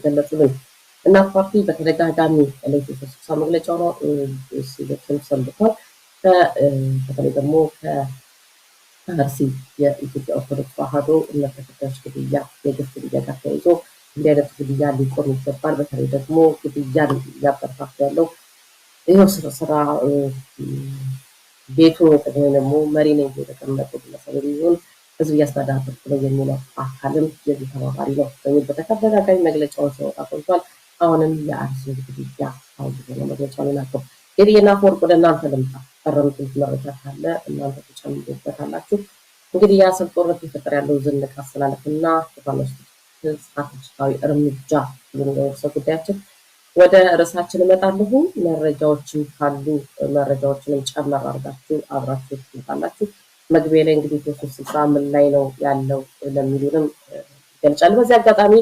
የገለጹ ነው። እናት ፓርቲ በተደጋጋሚ ዕለት የስብሰባ መግለጫ ነው ሲበትም ሰንብቷል። በተለይ ደግሞ ከአርሲ የኢትዮጵያ ኦርቶዶክስ ተዋሕዶ እምነት ተከታዮች ግድያ የግፍ ግድያ ጋር ተያይዞ እንዲህ አይነት ግድያ ሊቆም ይገባል። በተለይ ደግሞ ግድያ እያበረታቱ ያለው ይኸው ስራ ቤቱ ወይ ደግሞ መሪ ነኝ የተቀመጡ ግለሰብ የሚሆን ህዝብ እያስተዳደርኩ ነው የሚለው አካልም የዚህ ተባባሪ ነው በሚል በተከታታይ መግለጫውን ሲወጣ ቆይቷል። አሁንም የአርሲ ግድያ አውጅቶ ነው መግለጫውን የላከው። ጌዲዬና አፈወርቅ ወደ እናንተ ልምጣ። ቀረምጡት መረጃ ካለ እናንተ አላችሁ። እንግዲህ የአሰብ ጦርነት የፈጠር ያለው ዝንቅ እና ፋኖስ ስትራቴጂካዊ እርምጃ ርዕሰ ጉዳያችን ወደ ርዕሳችን እመጣለሁ። መረጃዎችን ካሉ መረጃዎችንም ጨመር አድርጋችሁ አብራችሁ ትመጣላችሁ። መግቢያ ላይ እንግዲህ ኢየሱስ ስልጣ ምን ላይ ነው ያለው ለሚሉንም ይገልጻል። በዚህ አጋጣሚ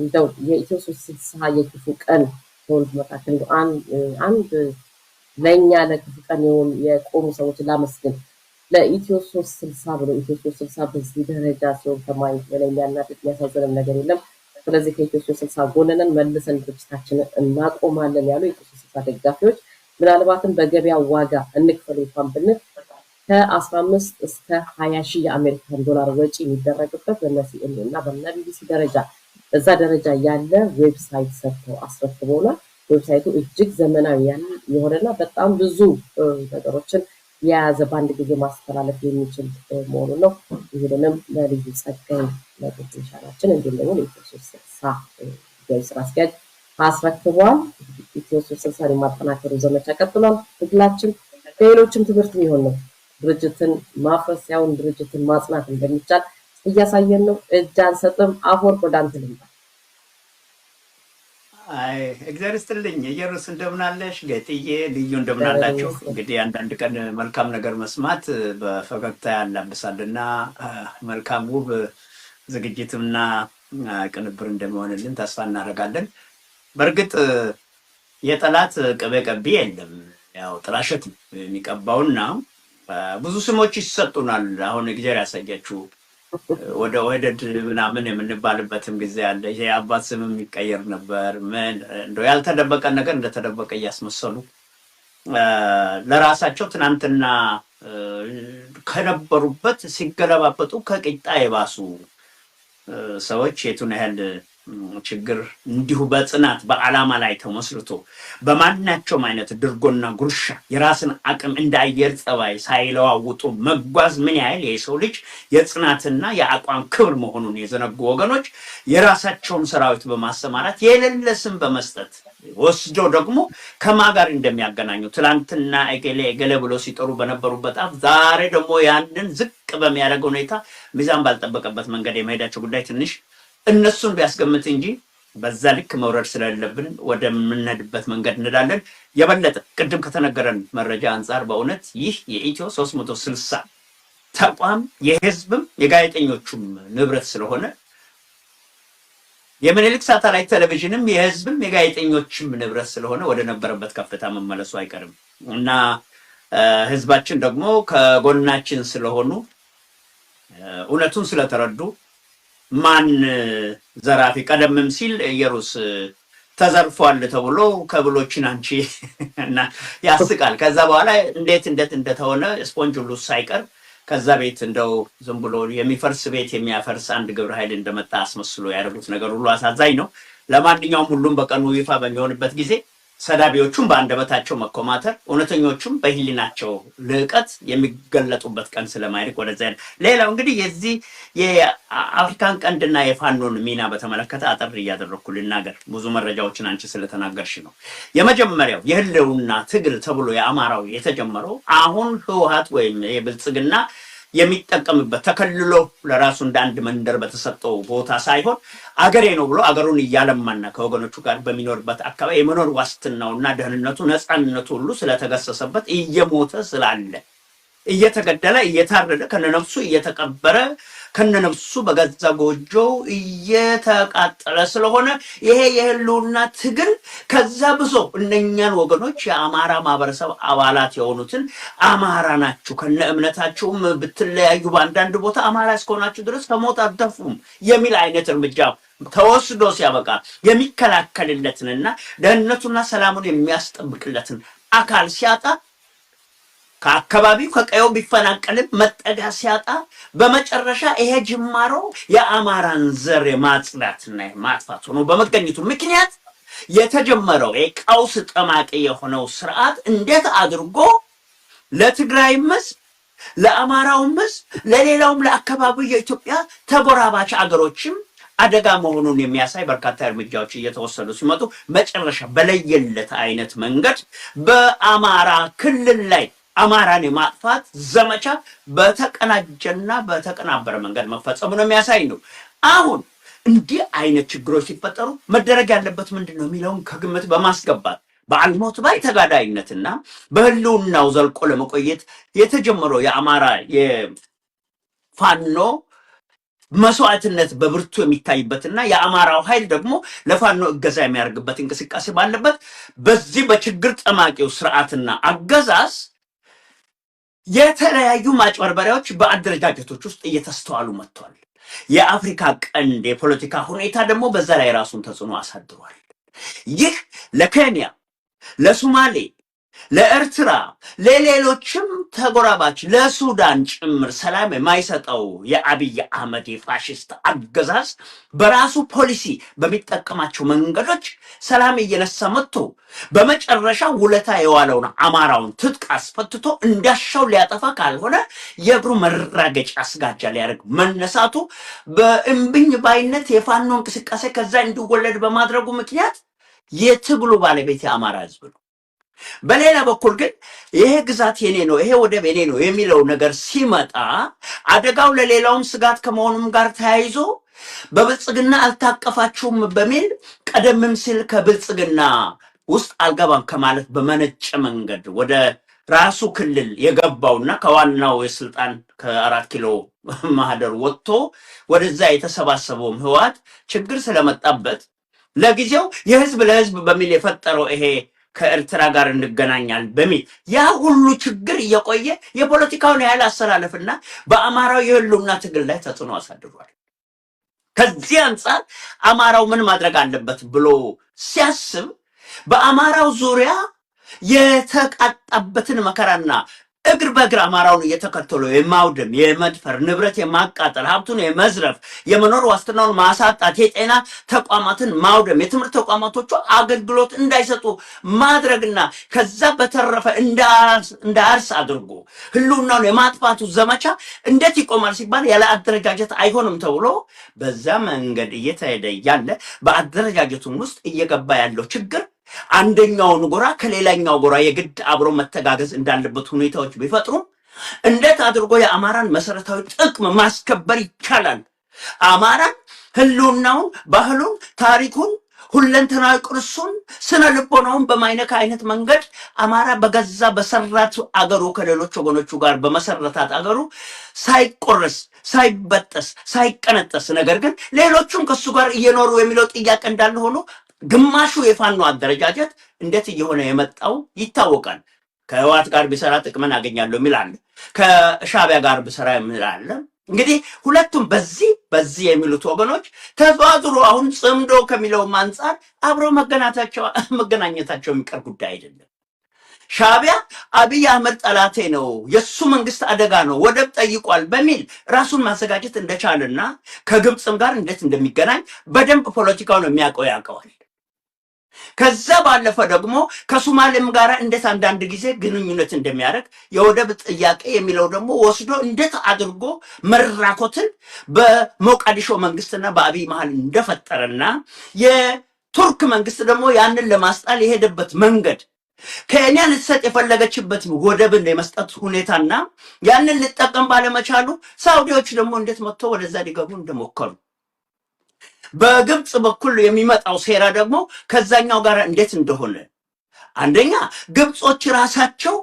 እንደው የኢትዮ ሶስት ስልሳ የክፉ ቀን ከሆኑት መካከል አንድ ለእኛ ለክፉ ቀን የቆሙ ሰዎች ላመስግን። ለኢትዮ ሶስት ስልሳ ብሎ ኢትዮ ሶስት ስልሳ በዚህ ደረጃ ሲሆን ከማየት በላይ የሚያናድድ የሚያሳዝንም ነገር የለም። ስለዚህ ከኢትዮ ሶስት ስልሳ ጎንነን መልሰን ድርጅታችንን እናቆማለን ያሉ የኢትዮ ሶስት ስልሳ ደጋፊዎች ምናልባትም በገበያ ዋጋ እንክፈል እንኳን ብንል ከ15 እስከ 20 ሺህ የአሜሪካን ዶላር ወጪ የሚደረግበት በነ ሲኤንኤን እና በነ ቢቢሲ ደረጃ በዛ ደረጃ ያለ ዌብሳይት ሰርተው አስረክበውናል። ዌብሳይቱ እጅግ ዘመናዊ የሆነና በጣም ብዙ ነገሮችን የያዘ በአንድ ጊዜ ማስተላለፍ የሚችል መሆኑ ነው። ይህንንም ለልዩ ጸጋይ ለቴክኒሻናችን እንዲሁም ደግሞ ለኢትዮ ሶስት ስልሳ ጉዳይ ስራ አስኪያጅ አስረክቧል። ኢትዮ ሶስት ስልሳን የማጠናከሩ ዘመቻ ቀጥሏል። ትግላችን በሌሎችም ትምህርት የሚሆን ነው። ድርጅትን ማፍረስ ሳይሆን ድርጅትን ማጽናት እንደሚቻል እያሳየን ነው። እጅ አንሰጥም። አፈወርቅ ወደ አንተ ልምጣ። አይ እግዚአብሔር ይስጥልኝ። እየሩስ እንደምናለሽ፣ ገጥዬ ልዩ እንደምናላችሁ። እንግዲህ አንዳንድ ቀን መልካም ነገር መስማት በፈገግታ ያላብሳልና መልካም ውብ ዝግጅትምና ቅንብር እንደሚሆንልን ተስፋ እናደርጋለን። በእርግጥ የጠላት ቅቤ ቀቢ የለም፣ ያው ጥላሸት የሚቀባውና ብዙ ስሞች ይሰጡናል። አሁን እግዚአብሔር ያሳያችሁ ወደ ወደድ ምናምን የምንባልበትም ጊዜ አለ። ይሄ አባት ስም የሚቀየር ነበር። ምን እንደው ያልተደበቀ ነገር እንደተደበቀ እያስመሰሉ ለራሳቸው ትናንትና ከነበሩበት ሲገለባበጡ ከቂጣ የባሱ ሰዎች የቱን ያህል ችግር እንዲሁ በጽናት በዓላማ ላይ ተመስርቶ በማናቸውም አይነት ድርጎና ጉርሻ የራስን አቅም እንደ አየር ጸባይ ሳይለዋውጡ መጓዝ ምን ያህል የሰው ልጅ የጽናትና የአቋም ክብር መሆኑን የዘነጉ ወገኖች የራሳቸውን ሰራዊት በማሰማራት የሌለ ስም በመስጠት ወስዶ ደግሞ ከማ ጋር እንደሚያገናኙ ትላንትና እገሌ እገሌ ብሎ ሲጠሩ በነበሩበት አፍ ዛሬ ደግሞ ያንን ዝቅ በሚያደርግ ሁኔታ ሚዛን ባልጠበቀበት መንገድ የመሄዳቸው ጉዳይ ትንሽ እነሱን ቢያስቀምጥ እንጂ በዛ ልክ መውረድ ስለሌለብን ወደምንሄድበት መንገድ እንዳለን የበለጠ ቅድም ከተነገረን መረጃ አንጻር በእውነት ይህ የኢትዮ 360 ተቋም የህዝብም የጋዜጠኞቹም ንብረት ስለሆነ የምኒልክ ሳተላይት ቴሌቪዥንም የህዝብም የጋዜጠኞችም ንብረት ስለሆነ ወደ ነበረበት ከፍታ መመለሱ አይቀርም እና ህዝባችን ደግሞ ከጎናችን ስለሆኑ እውነቱን ስለተረዱ ማን ዘራፊ? ቀደምም ሲል ኢየሩስ ተዘርፏል ተብሎ ከብሎችን አንቺ እና ያስቃል። ከዛ በኋላ እንዴት እንዴት እንደተሆነ ስፖንጅ ሁሉ ሳይቀር ከዛ ቤት እንደው ዝም ብሎ የሚፈርስ ቤት የሚያፈርስ አንድ ግብረ ኃይል እንደመጣ አስመስሎ ያደርጉት ነገር ሁሉ አሳዛኝ ነው። ለማንኛውም ሁሉም በቀኑ ይፋ በሚሆንበት ጊዜ ሰዳቢዎቹም በአንደበታቸው መኮማተር እውነተኞቹም በህሊናቸው ልዕቀት የሚገለጡበት ቀን ስለማይርቅ ወደዚያ። ሌላው እንግዲህ የዚህ የአፍሪካን ቀንድና የፋኖን ሚና በተመለከተ አጠር እያደረግኩ ልናገር። ብዙ መረጃዎችን አንቺ ስለተናገርሽ ነው። የመጀመሪያው የህልውና ትግል ተብሎ የአማራው የተጀመረው አሁን ህወሀት ወይም የብልጽግና የሚጠቀምበት ተከልሎ ለራሱ እንደ አንድ መንደር በተሰጠው ቦታ ሳይሆን አገሬ ነው ብሎ አገሩን እያለማና ከወገኖቹ ጋር በሚኖርበት አካባቢ የመኖር ዋስትናውና ደህንነቱ፣ ነፃነቱ ሁሉ ስለተገሰሰበት እየሞተ ስላለ እየተገደለ እየታረደ ከነነፍሱ እየተቀበረ ከነነፍሱ በገዛ ጎጆው እየተቃጠለ ስለሆነ ይሄ የህልውና ትግል ከዛ ብዙ እነኛን ወገኖች የአማራ ማህበረሰብ አባላት የሆኑትን አማራ ናችሁ ከነ እምነታችሁም ብትለያዩ በአንዳንድ ቦታ አማራ እስከሆናችሁ ድረስ ከሞት አትደፉም የሚል አይነት እርምጃ ተወስዶ ሲያበቃ የሚከላከልለትንና ደህንነቱና ሰላሙን የሚያስጠብቅለትን አካል ሲያጣ ከአካባቢው ከቀየው ቢፈናቀልም መጠጋ ሲያጣ በመጨረሻ ይሄ ጅማሮ የአማራን ዘር የማጽዳትና የማጥፋት ሆኖ በመገኘቱ ምክንያት የተጀመረው የቀውስ ጠማቂ የሆነው ስርዓት እንዴት አድርጎ ለትግራይም ህዝብ፣ ለአማራውም ህዝብ፣ ለሌላውም ለአካባቢው የኢትዮጵያ ተጎራባች አገሮችም አደጋ መሆኑን የሚያሳይ በርካታ እርምጃዎች እየተወሰዱ ሲመጡ መጨረሻ በለየለት አይነት መንገድ በአማራ ክልል ላይ አማራን የማጥፋት ዘመቻ በተቀናጀና በተቀናበረ መንገድ ነው የሚያሳይ ነው። አሁን እንዲህ አይነት ችግሮች ሲፈጠሩ መደረግ ያለበት ምንድን ነው የሚለውን ከግምት በማስገባት በአልሞት ባይ ተጋዳይነትና በህልውናው ዘልቆ ለመቆየት የተጀመረው የአማራ የፋኖ መስዋዕትነት በብርቱ የሚታይበትና የአማራው ኃይል ደግሞ ለፋኖ እገዛ የሚያደርግበት እንቅስቃሴ ባለበት በዚህ በችግር ጠማቂው ስርዓትና አገዛዝ የተለያዩ ማጭበርበሪያዎች በአደረጃጀቶች ውስጥ እየተስተዋሉ መጥተዋል። የአፍሪካ ቀንድ የፖለቲካ ሁኔታ ደግሞ በዛ ላይ ራሱን ተጽዕኖ አሳድሯል። ይህ ለኬንያ፣ ለሱማሌ ለኤርትራ ለሌሎችም ተጎራባች ለሱዳን ጭምር ሰላም የማይሰጠው የአብይ አህመድ የፋሽስት አገዛዝ በራሱ ፖሊሲ በሚጠቀማቸው መንገዶች ሰላም እየነሳ መጥቶ በመጨረሻ ውለታ የዋለውን አማራውን ትጥቅ አስፈትቶ እንዳሻው ሊያጠፋ ካልሆነ የእግሩ መራገጫ አስጋጃ ሊያደርግ መነሳቱ በእምብኝ ባይነት የፋኖ እንቅስቃሴ ከዛ እንዲወለድ በማድረጉ ምክንያት የትግሉ ባለቤት የአማራ ህዝብ ነው። በሌላ በኩል ግን ይሄ ግዛት የኔ ነው፣ ይሄ ወደብ የኔ ነው የሚለው ነገር ሲመጣ አደጋው ለሌላውም ስጋት ከመሆኑም ጋር ተያይዞ በብልጽግና አልታቀፋችሁም በሚል ቀደምም ሲል ከብልጽግና ውስጥ አልገባም ከማለት በመነጨ መንገድ ወደ ራሱ ክልል የገባውና ከዋናው የስልጣን ከአራት ኪሎ ማህደር ወጥቶ ወደዛ የተሰባሰበውም ህወሓት ችግር ስለመጣበት ለጊዜው የህዝብ ለህዝብ በሚል የፈጠረው ይሄ ከኤርትራ ጋር እንገናኛል በሚል ያ ሁሉ ችግር እየቆየ የፖለቲካውን ያህል አሰላለፍና በአማራው የህልውና ትግል ላይ ተጽዕኖ አሳድሯል። ከዚህ አንጻር አማራው ምን ማድረግ አለበት ብሎ ሲያስብ በአማራው ዙሪያ የተቃጣበትን መከራና እግር በእግር አማራውን እየተከተሉ የማውደም የመድፈር ንብረት የማቃጠል ሀብቱን የመዝረፍ የመኖር ዋስትናውን ማሳጣት የጤና ተቋማትን ማውደም የትምህርት ተቋማቶቹ አገልግሎት እንዳይሰጡ ማድረግና ከዛ በተረፈ እንደ አርስ አድርጎ ህልውናውን የማጥፋቱ ዘመቻ እንዴት ይቆማል ሲባል ያለ አደረጃጀት አይሆንም ተብሎ በዛ መንገድ እየተሄደ ያለ በአደረጃጀቱን ውስጥ እየገባ ያለው ችግር አንደኛውን ጎራ ከሌላኛው ጎራ የግድ አብሮ መተጋገዝ እንዳለበት ሁኔታዎች ቢፈጥሩም እንዴት አድርጎ የአማራን መሰረታዊ ጥቅም ማስከበር ይቻላል? አማራን ህልውናውን፣ ባህሉን፣ ታሪኩን፣ ሁለንተናዊ ቅርሱን፣ ስነ ልቦናውን በማይነካ አይነት መንገድ አማራ በገዛ በሰራት አገሩ ከሌሎች ወገኖቹ ጋር በመሰረታት አገሩ ሳይቆረስ ሳይበጠስ ሳይቀነጠስ ነገር ግን ሌሎቹም ከሱ ጋር እየኖሩ የሚለው ጥያቄ እንዳለ ሆኖ ግማሹ የፋኖ አደረጃጀት እንዴት እየሆነ የመጣው ይታወቃል። ከህወሓት ጋር ቢሰራ ጥቅምን አገኛለሁ የሚል አለ፣ ከሻቢያ ጋር ቢሰራ የሚል አለ። እንግዲህ ሁለቱም በዚህ በዚህ የሚሉት ወገኖች ተዘዋዝሮ አሁን ጽምዶ ከሚለውም አንጻር አብረው መገናኘታቸው የሚቀር ጉዳይ አይደለም። ሻቢያ አብይ አህመድ ጠላቴ ነው፣ የእሱ መንግስት አደጋ ነው፣ ወደብ ጠይቋል በሚል ራሱን ማዘጋጀት እንደቻለና ከግብፅም ጋር እንዴት እንደሚገናኝ በደንብ ፖለቲካውን የሚያውቀው ያውቀዋል። ከዛ ባለፈ ደግሞ ከሱማሌም ጋር እንዴት አንዳንድ ጊዜ ግንኙነት እንደሚያደርግ የወደብ ጥያቄ የሚለው ደግሞ ወስዶ እንዴት አድርጎ መራኮትን በሞቃዲሾ መንግስትና በአብይ መሀል እንደፈጠረና የቱርክ መንግስት ደግሞ ያንን ለማስጣል የሄደበት መንገድ ከኬንያ ልትሰጥ የፈለገችበት ወደብን የመስጠት ሁኔታና ያንን ልጠቀም ባለመቻሉ ሳውዲዎች ደግሞ እንዴት መጥቶ ወደዛ ሊገቡ እንደሞከሩ በግብፅ በኩል የሚመጣው ሴራ ደግሞ ከዛኛው ጋር እንዴት እንደሆነ አንደኛ ግብጾች ራሳቸው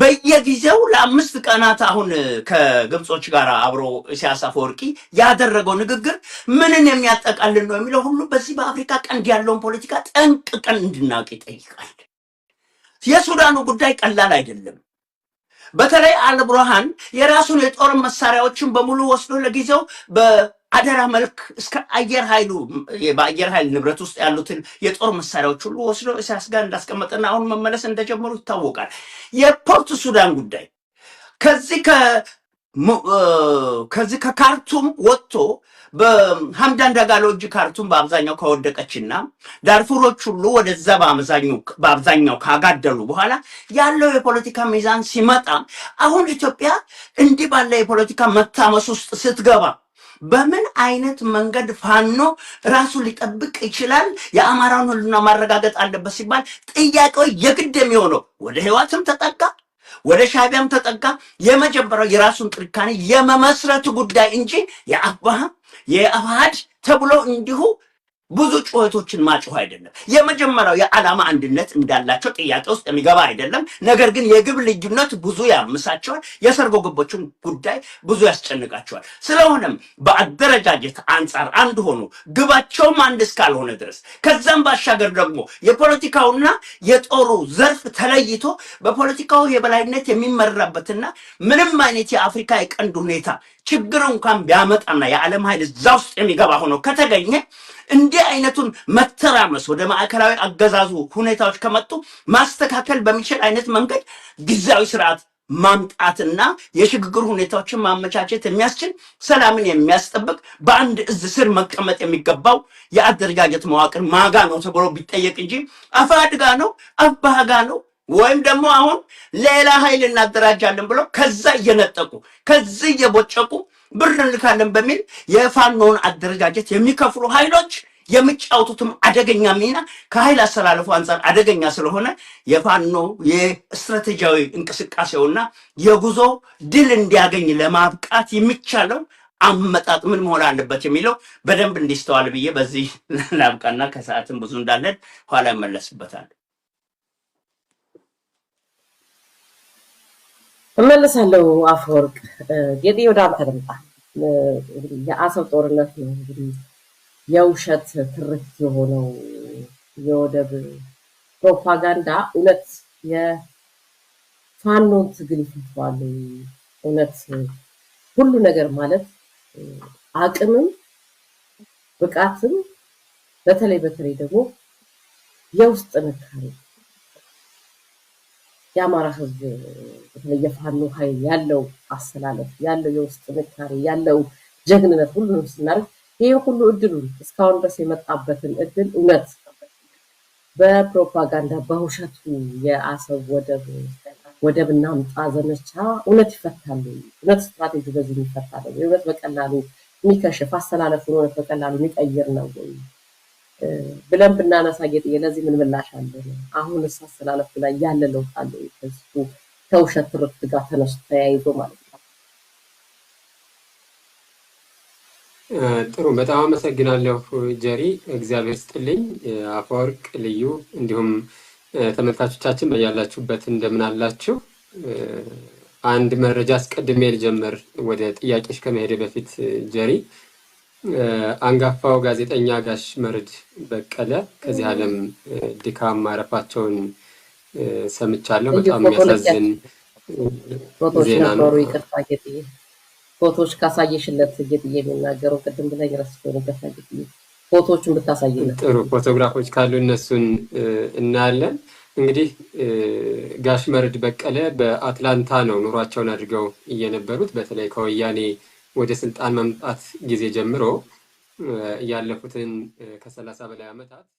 በየጊዜው ለአምስት ቀናት አሁን ከግብጾች ጋር አብሮ ኢሳያስ አፈወርቂ ያደረገው ንግግር ምንን የሚያጠቃልል ነው የሚለው ሁሉ በዚህ በአፍሪካ ቀንድ ያለውን ፖለቲካ ጠንቅቀን እንድናውቅ ይጠይቃል። የሱዳኑ ጉዳይ ቀላል አይደለም። በተለይ አልቡርሃን የራሱን የጦር መሳሪያዎችን በሙሉ ወስዶ ለጊዜው አደራ መልክ እስከ አየር ኃይሉ በአየር ኃይል ንብረት ውስጥ ያሉትን የጦር መሳሪያዎች ሁሉ ወስዶ ኢሳያስ ጋር እንዳስቀመጠና አሁን መመለስ እንደጀመሩ ይታወቃል። የፖርት ሱዳን ጉዳይ ከዚህ ከካርቱም ወጥቶ በሀምዳን ዳጋሎ እጅ ካርቱም በአብዛኛው ከወደቀችና ዳርፉሮች ሁሉ ወደዛ በአብዛኛው ካጋደሉ በኋላ ያለው የፖለቲካ ሚዛን ሲመጣ አሁን ኢትዮጵያ እንዲህ ባለ የፖለቲካ መታመስ ውስጥ ስትገባ በምን አይነት መንገድ ፋኖ ራሱ ሊጠብቅ ይችላል? የአማራውን ህልና ማረጋገጥ አለበት ሲባል ጥያቄው የግድ የሚሆነው ወደ ህዋትም ተጠጋ ወደ ሻቢያም ተጠጋ። የመጀመሪያው የራሱን ጥንካሬ የመመስረት ጉዳይ እንጂ የአፋሃድ ተብሎ እንዲሁ ብዙ ጩኸቶችን ማጮህ አይደለም። የመጀመሪያው የዓላማ አንድነት እንዳላቸው ጥያቄ ውስጥ የሚገባ አይደለም። ነገር ግን የግብ ልዩነት ብዙ ያምሳቸዋል፣ የሰርጎ ግቦችን ጉዳይ ብዙ ያስጨንቃቸዋል። ስለሆነም በአደረጃጀት አንጻር አንድ ሆኑ፣ ግባቸውም አንድ እስካልሆነ ድረስ ከዛም ባሻገር ደግሞ የፖለቲካውና የጦሩ ዘርፍ ተለይቶ በፖለቲካው የበላይነት የሚመራበትና ምንም አይነት የአፍሪካ የቀንድ ሁኔታ ችግር እንኳን ቢያመጣና የዓለም ኃይል እዛ ውስጥ የሚገባ ሆኖ ከተገኘ እንዲህ አይነቱን መተራመስ ወደ ማዕከላዊ አገዛዙ ሁኔታዎች ከመጡ ማስተካከል በሚችል አይነት መንገድ ጊዜያዊ ስርዓት ማምጣትና የሽግግር ሁኔታዎችን ማመቻቸት የሚያስችል ሰላምን የሚያስጠብቅ በአንድ እዝ ስር መቀመጥ የሚገባው የአደረጃጀት መዋቅር ማጋ ነው ተብሎ ቢጠየቅ እንጂ አፋድጋ ነው አባጋ ነው ወይም ደግሞ አሁን ሌላ ኃይል እናደራጃለን ብለው ከዛ እየነጠቁ ከዚህ እየቦጨቁ ብር እንልካለን በሚል የፋኖን አደረጃጀት የሚከፍሉ ኃይሎች የሚጫወቱትም አደገኛ ሚና ከኃይል አሰላለፉ አንጻር አደገኛ ስለሆነ የፋኖ የስትራቴጂያዊ እንቅስቃሴውና የጉዞ ድል እንዲያገኝ ለማብቃት የሚቻለው አመጣጥ ምን መሆን አለበት የሚለው በደንብ እንዲስተዋል ብዬ በዚህ ላብቃና ከሰዓትም ብዙ እንዳለን ኋላ እመለስበታል። እመልሳለሁ። አፈወርቅ ጌጤ፣ ወደ አንተ ልምጣ። የአሰብ ጦርነት ነው እንግዲህ የውሸት ትርክት የሆነው የወደብ ፕሮፓጋንዳ እውነት የፋኖን ትግል ይፈቷል? እውነት ሁሉ ነገር ማለት አቅምም ብቃትም፣ በተለይ በተለይ ደግሞ የውስጥ ጥንካሬ የአማራ ህዝብ በተለይ የፋኖ ኃይል ያለው አሰላለፍ ያለው የውስጥ ጥንካሬ ያለው ጀግንነት ሁሉንም ስናደርግ ይህ ሁሉ እድሉን እስካሁን ድረስ የመጣበትን እድል እውነት በፕሮፓጋንዳ በውሸቱ የአሰብ ወደብ ወደብ እናምጣ ዘመቻ እውነት ይፈታሉ፣ እውነት ስትራቴጂ በዚህ ይፈታሉ፣ እውነት በቀላሉ የሚከሽፍ አሰላለፉን እውነት በቀላሉ የሚቀይር ነው ወይ? ብለን ብናነሳ ጌጥዬ ለዚህ ምን ምላሽ አለ? አሁን እሳ ስላለፍ ላይ ያለ ለውጥ አለ? ከዚሁ ከውሸት ትርክት ጋር ተነሱ ተያይዞ ማለት ነው። ጥሩ፣ በጣም አመሰግናለሁ ጀሪ፣ እግዚአብሔር ስጥልኝ። አፈወርቅ ልዩ፣ እንዲሁም ተመልካቾቻችን በያላችሁበት እንደምን አላችሁ? አንድ መረጃ አስቀድሜ ልጀምር፣ ወደ ጥያቄሽ ከመሄደ በፊት ጀሪ አንጋፋው ጋዜጠኛ ጋሽ መርድ በቀለ ከዚህ ዓለም ድካም ማረፋቸውን ሰምቻለሁ። በጣም የሚያሳዝን ዜና ፎቶዎች ካሳየሽለት ጌጥዬ የሚናገረው ቅድም ብለኝ ረስቼው ነበር። ጌጥዬ ብታሳይለት ጥሩ። ፎቶግራፎች ካሉ እነሱን እናያለን። እንግዲህ ጋሽ መርድ በቀለ በአትላንታ ነው ኑሯቸውን አድርገው እየነበሩት በተለይ ከወያኔ ወደ ስልጣን መምጣት ጊዜ ጀምሮ ያለፉትን ከሰላሳ በላይ ዓመታት